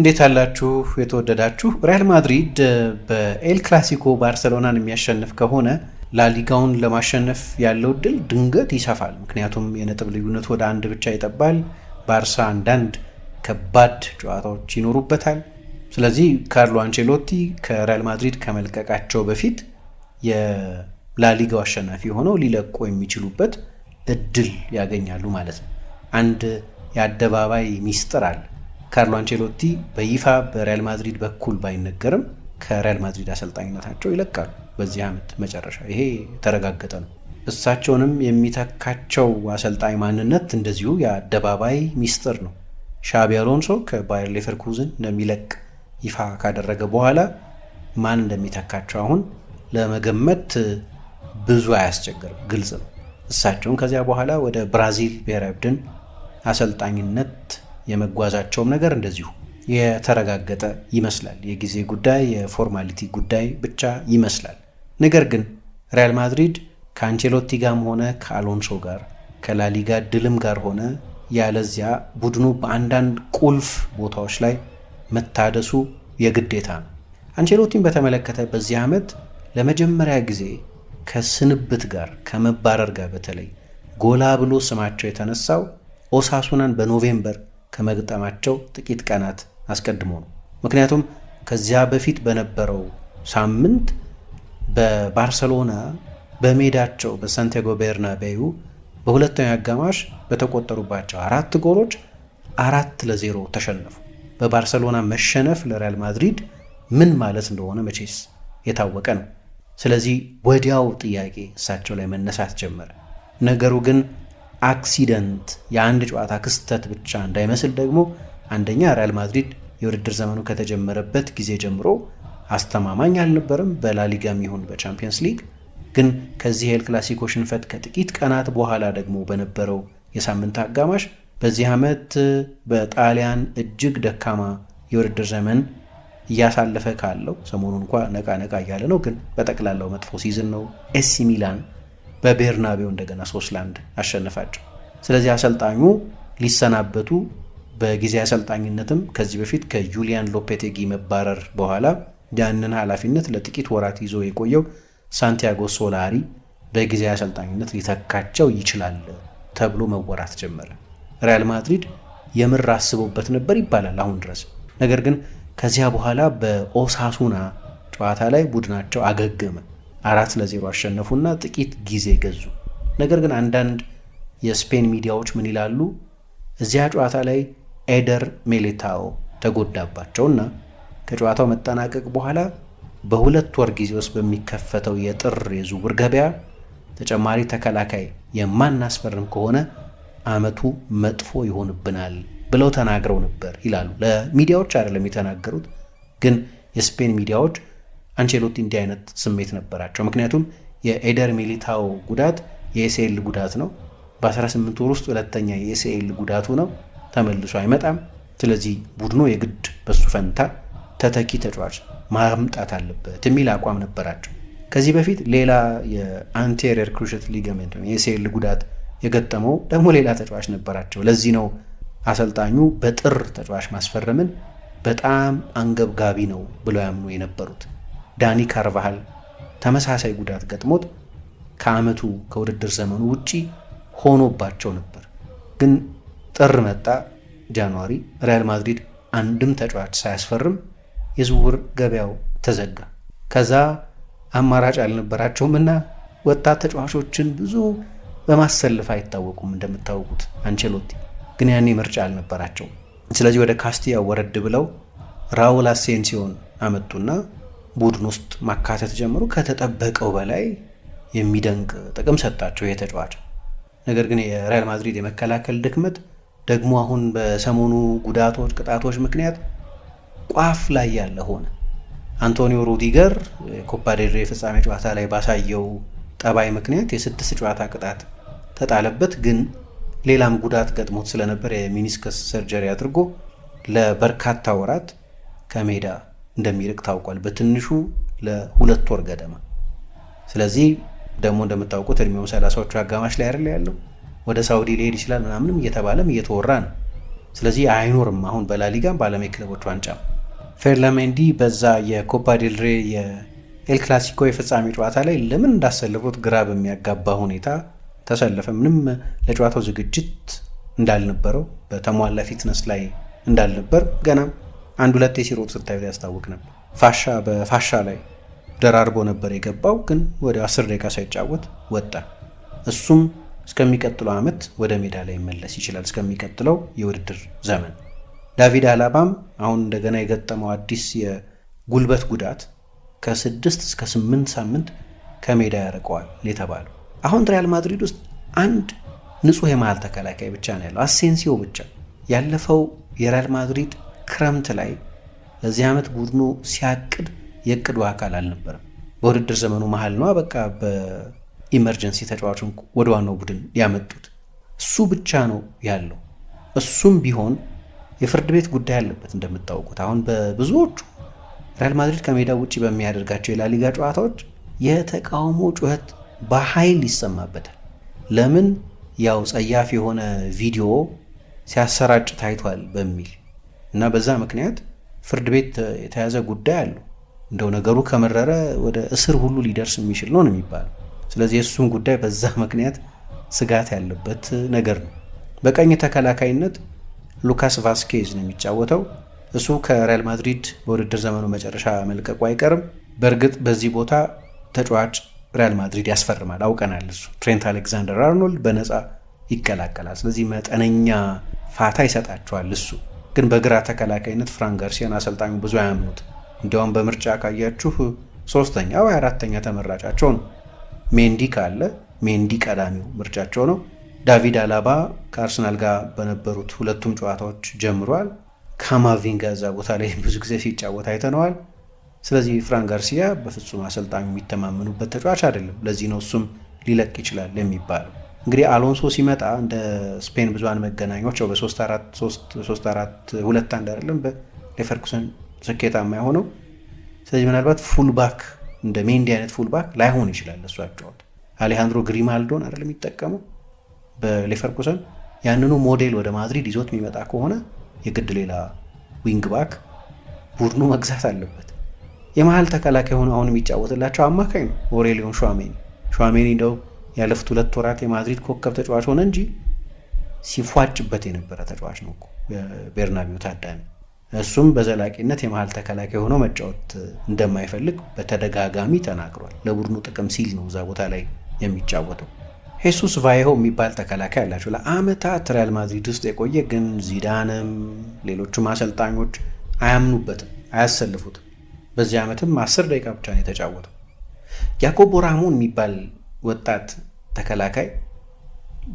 እንዴት አላችሁ የተወደዳችሁ። ሪያል ማድሪድ በኤል ክላሲኮ ባርሰሎናን የሚያሸንፍ ከሆነ ላሊጋውን ለማሸነፍ ያለው እድል ድንገት ይሰፋል። ምክንያቱም የነጥብ ልዩነቱ ወደ አንድ ብቻ ይጠባል። ባርሳ አንዳንድ ከባድ ጨዋታዎች ይኖሩበታል። ስለዚህ ካርሎ አንቼሎቲ ከሪያል ማድሪድ ከመልቀቃቸው በፊት የላሊጋው አሸናፊ ሆነው ሊለቁ የሚችሉበት እድል ያገኛሉ ማለት ነው። አንድ የአደባባይ ሚስጥር አለ። ካርሎ አንቼሎቲ በይፋ በሪያል ማድሪድ በኩል ባይነገርም ከሪያል ማድሪድ አሰልጣኝነታቸው ይለቃሉ በዚህ ዓመት መጨረሻ። ይሄ ተረጋገጠ ነው። እሳቸውንም የሚተካቸው አሰልጣኝ ማንነት እንደዚሁ የአደባባይ ሚስጥር ነው። ሻቢ አሎንሶ ከባየር ሌቨርኩዝን እንደሚለቅ ይፋ ካደረገ በኋላ ማን እንደሚተካቸው አሁን ለመገመት ብዙ አያስቸግርም፣ ግልጽ ነው። እሳቸውን ከዚያ በኋላ ወደ ብራዚል ብሔራዊ ቡድን አሰልጣኝነት የመጓዛቸውም ነገር እንደዚሁ የተረጋገጠ ይመስላል። የጊዜ ጉዳይ፣ የፎርማሊቲ ጉዳይ ብቻ ይመስላል። ነገር ግን ሪያል ማድሪድ ከአንቸሎቲ ጋርም ሆነ ከአሎንሶ ጋር ከላሊጋ ድልም ጋር ሆነ ያለዚያ ቡድኑ በአንዳንድ ቁልፍ ቦታዎች ላይ መታደሱ የግዴታ ነው። አንቸሎቲን በተመለከተ በዚህ ዓመት ለመጀመሪያ ጊዜ ከስንብት ጋር ከመባረር ጋር በተለይ ጎላ ብሎ ስማቸው የተነሳው ኦሳሱናን በኖቬምበር ከመግጠማቸው ጥቂት ቀናት አስቀድሞ ነው። ምክንያቱም ከዚያ በፊት በነበረው ሳምንት በባርሰሎና በሜዳቸው በሳንቲያጎ ቤርናቤዩ በሁለተኛ አጋማሽ በተቆጠሩባቸው አራት ጎሎች አራት ለዜሮ ተሸነፉ። በባርሰሎና መሸነፍ ለሪያል ማድሪድ ምን ማለት እንደሆነ መቼስ የታወቀ ነው። ስለዚህ ወዲያው ጥያቄ እሳቸው ላይ መነሳት ጀመረ። ነገሩ ግን አክሲደንት የአንድ ጨዋታ ክስተት ብቻ እንዳይመስል ደግሞ አንደኛ ሪያል ማድሪድ የውድድር ዘመኑ ከተጀመረበት ጊዜ ጀምሮ አስተማማኝ አልነበረም፣ በላሊጋም ይሁን በቻምፒየንስ ሊግ። ግን ከዚህ የኤል ክላሲኮ ሽንፈት ከጥቂት ቀናት በኋላ ደግሞ በነበረው የሳምንት አጋማሽ በዚህ ዓመት በጣሊያን እጅግ ደካማ የውድድር ዘመን እያሳለፈ ካለው ሰሞኑን እንኳ ነቃ ነቃ እያለ ነው፣ ግን በጠቅላላው መጥፎ ሲዝን ነው ኤሲ ሚላን በቤርናቤው እንደገና ሶስት ለአንድ አሸነፋቸው። ስለዚህ አሰልጣኙ ሊሰናበቱ በጊዜ አሰልጣኝነትም ከዚህ በፊት ከጁሊያን ሎፔቴጊ መባረር በኋላ ያንን ኃላፊነት ለጥቂት ወራት ይዞ የቆየው ሳንቲያጎ ሶላሪ በጊዜ አሰልጣኝነት ሊተካቸው ይችላል ተብሎ መወራት ጀመረ። ሪያል ማድሪድ የምር አስቦበት ነበር ይባላል አሁን ድረስ። ነገር ግን ከዚያ በኋላ በኦሳሱና ጨዋታ ላይ ቡድናቸው አገገመ። አራት ለዜሮ አሸነፉና ጥቂት ጊዜ ገዙ። ነገር ግን አንዳንድ የስፔን ሚዲያዎች ምን ይላሉ? እዚያ ጨዋታ ላይ ኤደር ሜሌታዎ ተጎዳባቸውና ከጨዋታው መጠናቀቅ በኋላ በሁለት ወር ጊዜ ውስጥ በሚከፈተው የጥር የዝውውር ገበያ ተጨማሪ ተከላካይ የማናስፈርም ከሆነ አመቱ መጥፎ ይሆንብናል ብለው ተናግረው ነበር ይላሉ። ለሚዲያዎች አይደለም የተናገሩት፣ ግን የስፔን ሚዲያዎች አንቸሎቲ እንዲህ አይነት ስሜት ነበራቸው። ምክንያቱም የኤደር ሚሊታው ጉዳት የኤስኤል ጉዳት ነው። በ18 ወር ውስጥ ሁለተኛ የኤስኤል ጉዳቱ ነው። ተመልሶ አይመጣም። ስለዚህ ቡድኑ የግድ በሱ ፈንታ ተተኪ ተጫዋች ማምጣት አለበት የሚል አቋም ነበራቸው። ከዚህ በፊት ሌላ የአንቴሪየር ክሩሸት ሊገመንት የኤስኤል ጉዳት የገጠመው ደግሞ ሌላ ተጫዋች ነበራቸው። ለዚህ ነው አሰልጣኙ በጥር ተጫዋች ማስፈረምን በጣም አንገብጋቢ ነው ብለው ያምኑ የነበሩት። ዳኒ ካርቫሃል ተመሳሳይ ጉዳት ገጥሞት ከዓመቱ ከውድድር ዘመኑ ውጪ ሆኖባቸው ነበር። ግን ጥር መጣ፣ ጃንዋሪ ሪያል ማድሪድ አንድም ተጫዋች ሳያስፈርም የዝውውር ገበያው ተዘጋ። ከዛ አማራጭ አልነበራቸውም እና ወጣት ተጫዋቾችን ብዙ በማሰልፍ አይታወቁም እንደምታወቁት አንቸሎቲ ግን ያኔ ምርጫ አልነበራቸውም። ስለዚህ ወደ ካስቲያ ወረድ ብለው ራውል አሴንሲዮን አመጡና ቡድን ውስጥ ማካተት ጀምሮ ከተጠበቀው በላይ የሚደንቅ ጥቅም ሰጣቸው የተጫዋች ነገር ግን የሪያል ማድሪድ የመከላከል ድክመት ደግሞ አሁን በሰሞኑ ጉዳቶች፣ ቅጣቶች ምክንያት ቋፍ ላይ ያለ ሆነ። አንቶኒዮ ሩዲገር የኮፓ ዴል ፍጻሜ ጨዋታ ላይ ባሳየው ጠባይ ምክንያት የስድስት ጨዋታ ቅጣት ተጣለበት። ግን ሌላም ጉዳት ገጥሞት ስለነበር የሚኒስከስ ሰርጀሪ አድርጎ ለበርካታ ወራት ከሜዳ እንደሚርቅ ታውቋል፣ በትንሹ ለሁለት ወር ገደማ። ስለዚህ ደግሞ እንደምታውቁት እድሜው ሰላሳዎቹ አጋማሽ ላይ አይደል ያለው፣ ወደ ሳውዲ ሊሄድ ይችላል ምናምንም እየተባለም እየተወራ ነው። ስለዚህ አይኖርም አሁን በላሊጋም በዓለም የክለቦች ዋንጫም ፌርላሜንዲ በዛ የኮፓ ዴልሬ የኤል ክላሲኮ የፍጻሜ ጨዋታ ላይ ለምን እንዳሰለፉት ግራ በሚያጋባ ሁኔታ ተሰለፈ። ምንም ለጨዋታው ዝግጅት እንዳልነበረው በተሟላ ፊትነስ ላይ እንዳልነበር ገናም? አንድ ሁለቴ ሲሮጥ ስታዩ ያስታውቅ ነበር። ፋሻ በፋሻ ላይ ደራርቦ ነበር የገባው፣ ግን ወደ አስር ደቂቃ ሳይጫወት ወጣ። እሱም እስከሚቀጥለው ዓመት ወደ ሜዳ ላይ መለስ ይችላል፣ እስከሚቀጥለው የውድድር ዘመን። ዳቪድ አላባም አሁን እንደገና የገጠመው አዲስ የጉልበት ጉዳት ከስድስት እስከ ስምንት ሳምንት ከሜዳ ያርቀዋል የተባለው። አሁን ሪያል ማድሪድ ውስጥ አንድ ንጹህ የመሃል ተከላካይ ብቻ ነው ያለው፣ አሴንሲዮ ብቻ። ያለፈው የሪያል ማድሪድ ክረምት ላይ በዚህ ዓመት ቡድኑ ሲያቅድ የእቅዱ አካል አልነበረም። በውድድር ዘመኑ መሀል ነው በቃ በኢመርጀንሲ ተጫዋቹን ወደ ዋናው ቡድን ያመጡት። እሱ ብቻ ነው ያለው። እሱም ቢሆን የፍርድ ቤት ጉዳይ አለበት እንደምታውቁት። አሁን በብዙዎቹ ሪያል ማድሪድ ከሜዳ ውጭ በሚያደርጋቸው የላሊጋ ጨዋታዎች የተቃውሞ ጩኸት በኃይል ይሰማበታል። ለምን ያው ጸያፍ የሆነ ቪዲዮ ሲያሰራጭ ታይቷል በሚል እና በዛ ምክንያት ፍርድ ቤት የተያዘ ጉዳይ አሉ እንደው ነገሩ ከመረረ ወደ እስር ሁሉ ሊደርስ የሚችል ነው ነው የሚባለው። ስለዚህ የእሱም ጉዳይ በዛ ምክንያት ስጋት ያለበት ነገር ነው። በቀኝ ተከላካይነት ሉካስ ቫስኬዝ ነው የሚጫወተው። እሱ ከሪያል ማድሪድ በውድድር ዘመኑ መጨረሻ መልቀቁ አይቀርም። በእርግጥ በዚህ ቦታ ተጫዋች ሪያል ማድሪድ ያስፈርማል፣ አውቀናል። እሱ ትሬንት አሌክዛንደር አርኖልድ በነፃ ይቀላቀላል። ስለዚህ መጠነኛ ፋታ ይሰጣቸዋል እሱ ግን በግራ ተከላካይነት ፍራን ጋርሲያን አሰልጣኙ ብዙ አያምኑት። እንዲያውም በምርጫ ካያችሁ ሶስተኛ ወይ አራተኛ ተመራጫቸው ነው። ሜንዲ ካለ ሜንዲ ቀዳሚው ምርጫቸው ነው። ዳቪድ አላባ ከአርሰናል ጋር በነበሩት ሁለቱም ጨዋታዎች ጀምሯል። ካማቪንጋ እዛ ቦታ ላይ ብዙ ጊዜ ሲጫወት አይተነዋል። ስለዚህ ፍራን ጋርሲያ በፍጹም አሰልጣኙ የሚተማመኑበት ተጫዋች አይደለም። ለዚህ ነው እሱም ሊለቅ ይችላል የሚባለው። እንግዲህ አሎንሶ ሲመጣ እንደ ስፔን ብዙሃን መገናኛዎች በሶስት አራት ሁለት አንድ አይደለም በሌቨርኩሰን ስኬታማ የሆነው ስለዚህ ምናልባት ፉልባክ እንደ ሜንዲ አይነት ፉልባክ ላይሆን ይችላል እሱ አጫወት አሌሃንድሮ ግሪማልዶን አይደለም የሚጠቀመው በሌቨርኩሰን ያንኑ ሞዴል ወደ ማድሪድ ይዞት የሚመጣ ከሆነ የግድ ሌላ ዊንግ ባክ ቡድኑ መግዛት አለበት። የመሀል ተከላካይ ሆኑ አሁን የሚጫወትላቸው አማካኝ ነው ኦሬሊዮን ሸሜኒ ሸሜኒ እንደው ያለፉት ሁለት ወራት የማድሪድ ኮከብ ተጫዋች ሆነ እንጂ ሲፏጭበት የነበረ ተጫዋች ነው ቤርናቢው ታዳሚ። እሱም በዘላቂነት የመሀል ተከላካይ ሆኖ መጫወት እንደማይፈልግ በተደጋጋሚ ተናግሯል። ለቡድኑ ጥቅም ሲል ነው እዛ ቦታ ላይ የሚጫወተው። ሄሱስ ቫይሆ የሚባል ተከላካይ አላቸው። ለአመታት ሪያል ማድሪድ ውስጥ የቆየ ግን ዚዳንም ሌሎቹም አሰልጣኞች አያምኑበትም፣ አያሰልፉትም። በዚህ ዓመትም አስር ደቂቃ ብቻ ነው የተጫወተው። ያኮቦ ራሞን የሚባል ወጣት ተከላካይ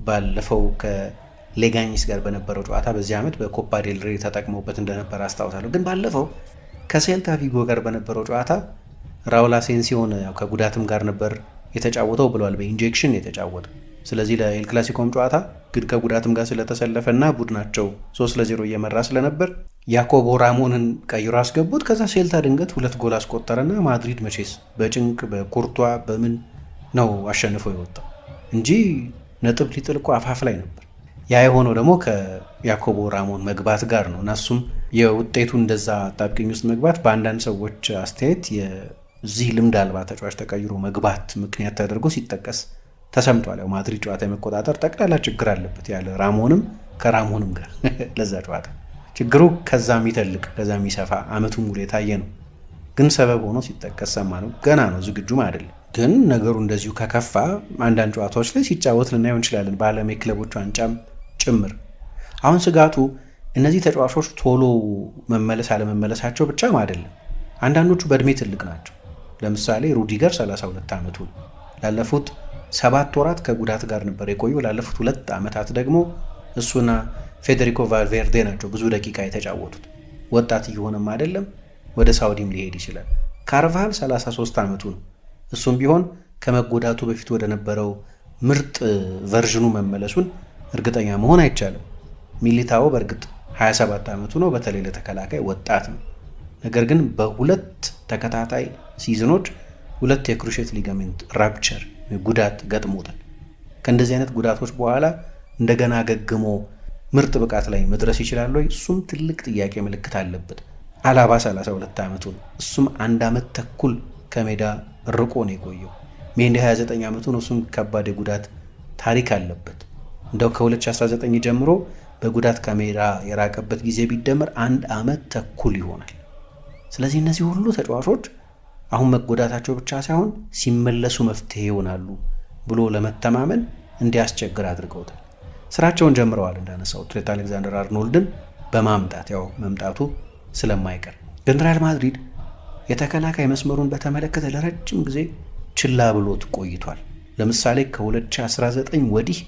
ባለፈው ከሌጋኝስ ጋር በነበረው ጨዋታ በዚህ ዓመት በኮፓ ዴል ሬ ተጠቅመውበት እንደነበረ አስታውሳለሁ። ግን ባለፈው ከሴልታ ቪጎ ጋር በነበረው ጨዋታ ራውል አሴንሲዮን ያው ከጉዳትም ጋር ነበር የተጫወተው ብለዋል። በኢንጀክሽን የተጫወተው ስለዚህ ለኤል ክላሲኮም ጨዋታ ግን ከጉዳትም ጋር ስለተሰለፈ እና ቡድናቸው ሶስት ለዜሮ እየመራ ስለነበር ያኮቦ ራሞንን ቀይሮ አስገቡት። ከዛ ሴልታ ድንገት ሁለት ጎል አስቆጠረና ማድሪድ መቼስ በጭንቅ በኩርቷ በምን ነው አሸንፎ የወጣው። እንጂ ነጥብ ሊጥልቆ አፋፍ ላይ ነበር። ያ የሆነው ደግሞ ከያኮቦ ራሞን መግባት ጋር ነው እና እሱም የውጤቱ እንደዛ አጣብቂኝ ውስጥ መግባት በአንዳንድ ሰዎች አስተያየት የዚህ ልምድ አልባ ተጫዋች ተቀይሮ መግባት ምክንያት ተደርጎ ሲጠቀስ ተሰምቷል። ያው ማድሪድ ጨዋታ የመቆጣጠር ጠቅላላ ችግር አለበት ያለ ራሞንም ከራሞንም ጋር ለዛ ጨዋታ ችግሩ ከዛ የሚተልቅ ከዛ የሚሰፋ አመቱ ሙሉ የታየ ነው። ግን ሰበብ ሆኖ ሲጠቀስ ሰማ ነው። ገና ነው ዝግጁም አይደለም። ግን ነገሩ እንደዚሁ ከከፋ አንዳንድ ጨዋታዎች ላይ ሲጫወት ልናየው እንችላለን፣ በዓለም የክለቦች ዋንጫም ጭምር። አሁን ስጋቱ እነዚህ ተጫዋቾች ቶሎ መመለስ አለመመለሳቸው ብቻም አይደለም። አንዳንዶቹ በእድሜ ትልቅ ናቸው። ለምሳሌ ሩዲገር 32 ዓመቱ ላለፉት ሰባት ወራት ከጉዳት ጋር ነበር የቆዩ። ላለፉት ሁለት ዓመታት ደግሞ እሱና ፌዴሪኮ ቫልቬርዴ ናቸው ብዙ ደቂቃ የተጫወቱት። ወጣት እየሆነም አይደለም፣ ወደ ሳውዲም ሊሄድ ይችላል። ካርቫሃል 33 ዓመቱ ነው። እሱም ቢሆን ከመጎዳቱ በፊት ወደ ነበረው ምርጥ ቨርዥኑ መመለሱን እርግጠኛ መሆን አይቻልም። ሚሊታው በእርግጥ 27 ዓመቱ ነው። በተለይ ለተከላካይ ወጣት ነው። ነገር ግን በሁለት ተከታታይ ሲዝኖች ሁለት የክሩሼት ሊገመንት ራፕቸር ጉዳት ገጥሞታል። ከእንደዚህ አይነት ጉዳቶች በኋላ እንደገና ገግሞ ምርጥ ብቃት ላይ መድረስ ይችላል ወይ? እሱም ትልቅ ጥያቄ ምልክት አለበት። አላባ 32 ዓመቱ ነው። እሱም አንድ ዓመት ተኩል ከሜዳ ርቆ ነው የቆየው። ሜንዲ 29 ዓመቱ ነው። እሱም ከባድ የጉዳት ታሪክ አለበት። እንደው ከ2019 ጀምሮ በጉዳት ከሜዳ የራቀበት ጊዜ ቢደመር አንድ ዓመት ተኩል ይሆናል። ስለዚህ እነዚህ ሁሉ ተጫዋቾች አሁን መጎዳታቸው ብቻ ሳይሆን ሲመለሱ መፍትሄ ይሆናሉ ብሎ ለመተማመን እንዲያስቸግር አድርገውታል። ስራቸውን ጀምረዋል። እንዳነሳው ትሬት አሌክዛንደር አርኖልድን በማምጣት ያው መምጣቱ ስለማይቀር ግን ሪያል ማድሪድ የተከላካይ መስመሩን በተመለከተ ለረጅም ጊዜ ችላ ብሎት ቆይቷል። ለምሳሌ ከ2019 ወዲህ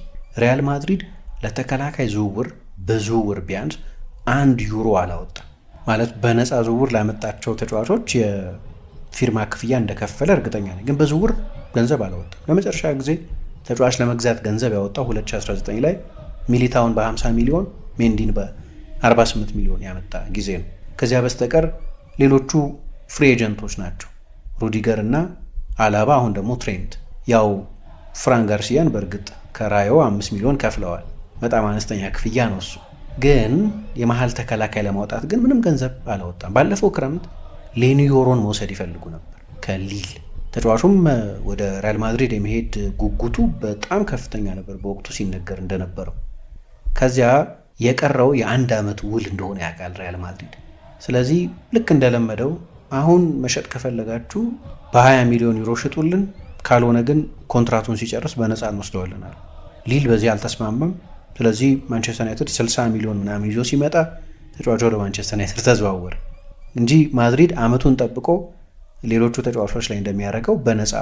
ሪያል ማድሪድ ለተከላካይ ዝውውር በዝውውር ቢያንስ አንድ ዩሮ አላወጣ ማለት በነፃ ዝውውር ላመጣቸው ተጫዋቾች የፊርማ ክፍያ እንደከፈለ እርግጠኛ ነኝ፣ ግን በዝውውር ገንዘብ አላወጣ። ለመጨረሻ ጊዜ ተጫዋች ለመግዛት ገንዘብ ያወጣው 2019 ላይ ሚሊታውን በ50 ሚሊዮን ሜንዲን በ48 ሚሊዮን ያመጣ ጊዜ ነው። ከዚያ በስተቀር ሌሎቹ ፍሪ ኤጀንቶች ናቸው። ሩዲገር እና አላባ፣ አሁን ደግሞ ትሬንት። ያው ፍራን ጋርሲያን በእርግጥ ከራዮ አምስት ሚሊዮን ከፍለዋል። በጣም አነስተኛ ክፍያ ነው እሱ። ግን የመሀል ተከላካይ ለማውጣት ግን ምንም ገንዘብ አላወጣም። ባለፈው ክረምት ሌኒዮሮን መውሰድ ይፈልጉ ነበር ከሊል ተጫዋቹም ወደ ሪያል ማድሪድ የመሄድ ጉጉቱ በጣም ከፍተኛ ነበር በወቅቱ ሲነገር እንደነበረው። ከዚያ የቀረው የአንድ ዓመት ውል እንደሆነ ያውቃል ሪያል ማድሪድ። ስለዚህ ልክ እንደለመደው አሁን መሸጥ ከፈለጋችሁ በ20 ሚሊዮን ዩሮ ሽጡልን፣ ካልሆነ ግን ኮንትራቱን ሲጨርስ በነፃ እንወስደዋልናል ሊል በዚህ አልተስማማም። ስለዚህ ማንቸስተር ዩናይትድ 60 ሚሊዮን ምናምን ይዞ ሲመጣ ተጫዋቹ ወደ ማንቸስተር ዩናይትድ ተዘዋወረ እንጂ ማድሪድ አመቱን ጠብቆ ሌሎቹ ተጫዋቾች ላይ እንደሚያደርገው በነፃ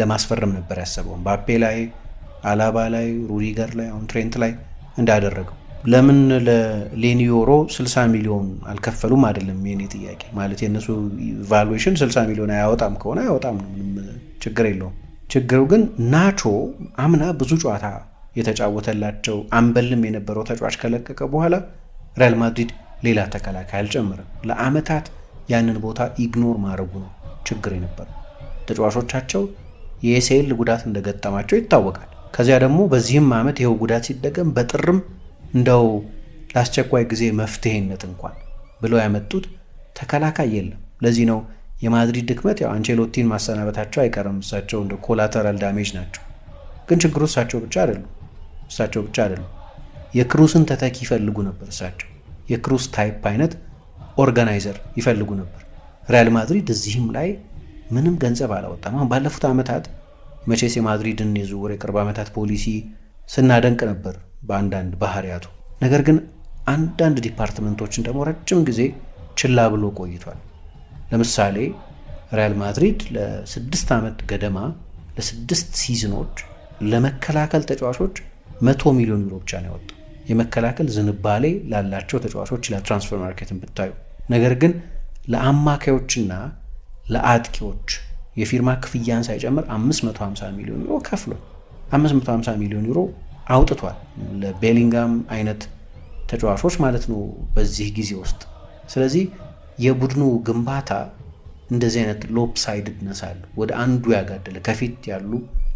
ለማስፈረም ነበር ያሰበው። ባፔ ላይ፣ አላባ ላይ፣ ሩዲገር ላይ፣ አሁን ትሬንት ላይ እንዳደረገው ለምን ለሌኒዮሮ 60 ሚሊዮን አልከፈሉም? አይደለም የኔ ጥያቄ ማለት የእነሱ ቫሉዌሽን 60 ሚሊዮን አያወጣም ከሆነ አያወጣም ነው፣ ምንም ችግር የለውም። ችግሩ ግን ናቾ አምና ብዙ ጨዋታ የተጫወተላቸው አምበልም የነበረው ተጫዋች ከለቀቀ በኋላ ሪያል ማድሪድ ሌላ ተከላካይ አልጨምርም። ለአመታት ያንን ቦታ ኢግኖር ማድረጉ ነው ችግር የነበረው። ተጫዋቾቻቸው የኤስኤል ጉዳት እንደገጠማቸው ይታወቃል። ከዚያ ደግሞ በዚህም ዓመት ይኸው ጉዳት ሲደገም በጥርም እንደው ለአስቸኳይ ጊዜ መፍትሄነት እንኳን ብለው ያመጡት ተከላካይ የለም። ለዚህ ነው የማድሪድ ድክመት ያው ማሰናበታቸው አይቀርም። እሳቸው እንደ ኮላተራል ዳሜጅ ናቸው። ግን ችግሩ እሳቸው ብቻ አይደሉም። እሳቸው ብቻ አይደሉም። የክሩስን ተተኪ ይፈልጉ ነበር። እሳቸው የክሩስ ታይፕ አይነት ኦርጋናይዘር ይፈልጉ ነበር። ሪያል ማድሪድ እዚህም ላይ ምንም ገንዘብ አላወጣም። አሁን ባለፉት ዓመታት መቼስ የማድሪድን የዝውውር የቅርብ ዓመታት ፖሊሲ ስናደንቅ ነበር። በአንዳንድ ባህሪያቱ። ነገር ግን አንዳንድ ዲፓርትመንቶችን ደግሞ ረጅም ጊዜ ችላ ብሎ ቆይቷል። ለምሳሌ ሪያል ማድሪድ ለስድስት ዓመት ገደማ ለስድስት ሲዝኖች ለመከላከል ተጫዋቾች መቶ ሚሊዮን ዩሮ ብቻ ነው ያወጣው። የመከላከል ዝንባሌ ላላቸው ተጫዋቾች ለትራንስፈር ማርኬትን ብታዩ፣ ነገር ግን ለአማካዮችና ለአጥቂዎች የፊርማ ክፍያን ሳይጨምር 550 ሚሊዮን ዩሮ ከፍሎ 550 ሚሊዮን ዩሮ አውጥቷል። ለቤሊንጋም አይነት ተጫዋቾች ማለት ነው በዚህ ጊዜ ውስጥ። ስለዚህ የቡድኑ ግንባታ እንደዚህ አይነት ሳይድ አለ፣ ወደ አንዱ ያጋደለ ከፊት ያሉ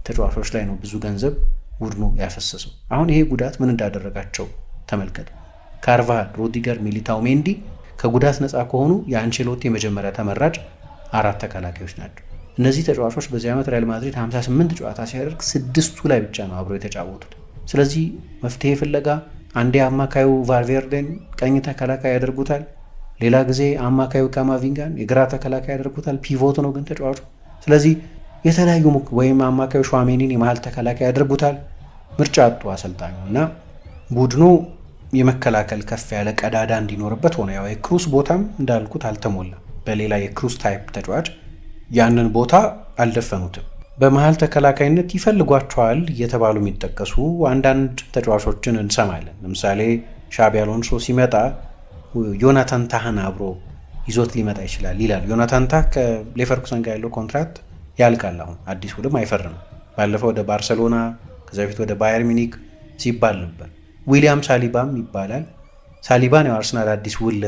ተጫዋቾች ላይ ነው ብዙ ገንዘብ ቡድኑ ያፈሰሰው። አሁን ይሄ ጉዳት ምን እንዳደረጋቸው ተመልከት። ካርቫሃል፣ ሮዲገር፣ ሚሊታው፣ ሜንዲ ከጉዳት ነፃ ከሆኑ የአንቸሎቲ የመጀመሪያ ተመራጭ አራት ተከላካዮች ናቸው። እነዚህ ተጫዋቾች በዚህ ዓመት ሪያል ማድሪድ 58 ጨዋታ ሲያደርግ ስድስቱ ላይ ብቻ ነው አብረው የተጫወቱት። ስለዚህ መፍትሄ ፍለጋ አንዴ አማካዩ ቫልቬርዴን ቀኝ ተከላካይ ያደርጉታል፣ ሌላ ጊዜ አማካዩ ካማቪንጋን የግራ ተከላካይ ያደርጉታል። ፒቮት ነው ግን ተጫዋቹ። ስለዚህ የተለያዩ ወይም አማካዩ ሸሜኒን የመሀል ተከላካይ ያደርጉታል። ምርጫ አጡ አሰልጣኙ እና ቡድኑ የመከላከል ከፍ ያለ ቀዳዳ እንዲኖርበት ሆነ። ያው የክሩስ ቦታም እንዳልኩት አልተሞላ በሌላ የክሩስ ታይፕ ተጫዋች ያንን ቦታ አልደፈኑትም። በመሀል ተከላካይነት ይፈልጓቸዋል እየተባሉ የሚጠቀሱ አንዳንድ ተጫዋቾችን እንሰማለን። ለምሳሌ ሻቢ አሎንሶ ሲመጣ ዮናታን ታህን አብሮ ይዞት ሊመጣ ይችላል ይላል። ዮናታን ታህ ከሌቨርኩሰን ጋር ያለው ኮንትራክት ያልቃል። አሁን አዲስ ውልም አይፈርም። ባለፈው ወደ ባርሰሎና ከዚ በፊት ወደ ባየር ሚኒክ ሲባል ነበር። ዊሊያም ሳሊባም ይባላል። ሳሊባን ያው አርሰናል አዲስ ውል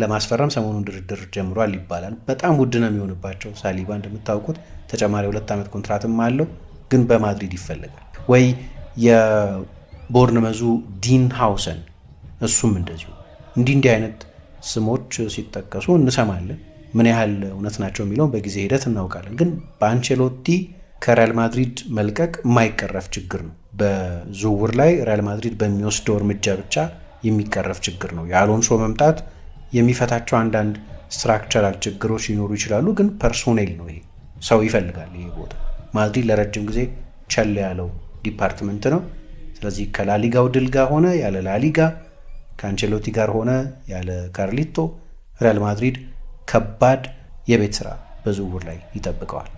ለማስፈረም ሰሞኑን ድርድር ጀምሯል ይባላል። በጣም ውድ ነው የሚሆንባቸው ሳሊባ እንደምታውቁት ተጨማሪ ሁለት ዓመት ኮንትራትም አለው፣ ግን በማድሪድ ይፈለጋል ወይ የቦርን መዙ ዲን ሃውሰን እሱም እንደዚሁ እንዲህ እንዲህ አይነት ስሞች ሲጠቀሱ እንሰማለን። ምን ያህል እውነት ናቸው የሚለውን በጊዜ ሂደት እናውቃለን። ግን በአንቸሎቲ ከሪያል ማድሪድ መልቀቅ የማይቀረፍ ችግር ነው። በዝውውር ላይ ሪያል ማድሪድ በሚወስደው እርምጃ ብቻ የሚቀረፍ ችግር ነው። የአሎንሶ መምጣት የሚፈታቸው አንዳንድ ስትራክቸራል ችግሮች ሊኖሩ ይችላሉ። ግን ፐርሶኔል ነው ይሄ ሰው ይፈልጋል ይሄ ቦታ። ማድሪድ ለረጅም ጊዜ ቸል ያለው ዲፓርትመንት ነው። ስለዚህ ከላሊጋው ድል ጋር ሆነ ያለ ላሊጋ፣ ከአንቸሎቲ ጋር ሆነ ያለ ካርሊቶ ሪያል ማድሪድ ከባድ የቤት ስራ በዝውውር ላይ ይጠብቀዋል።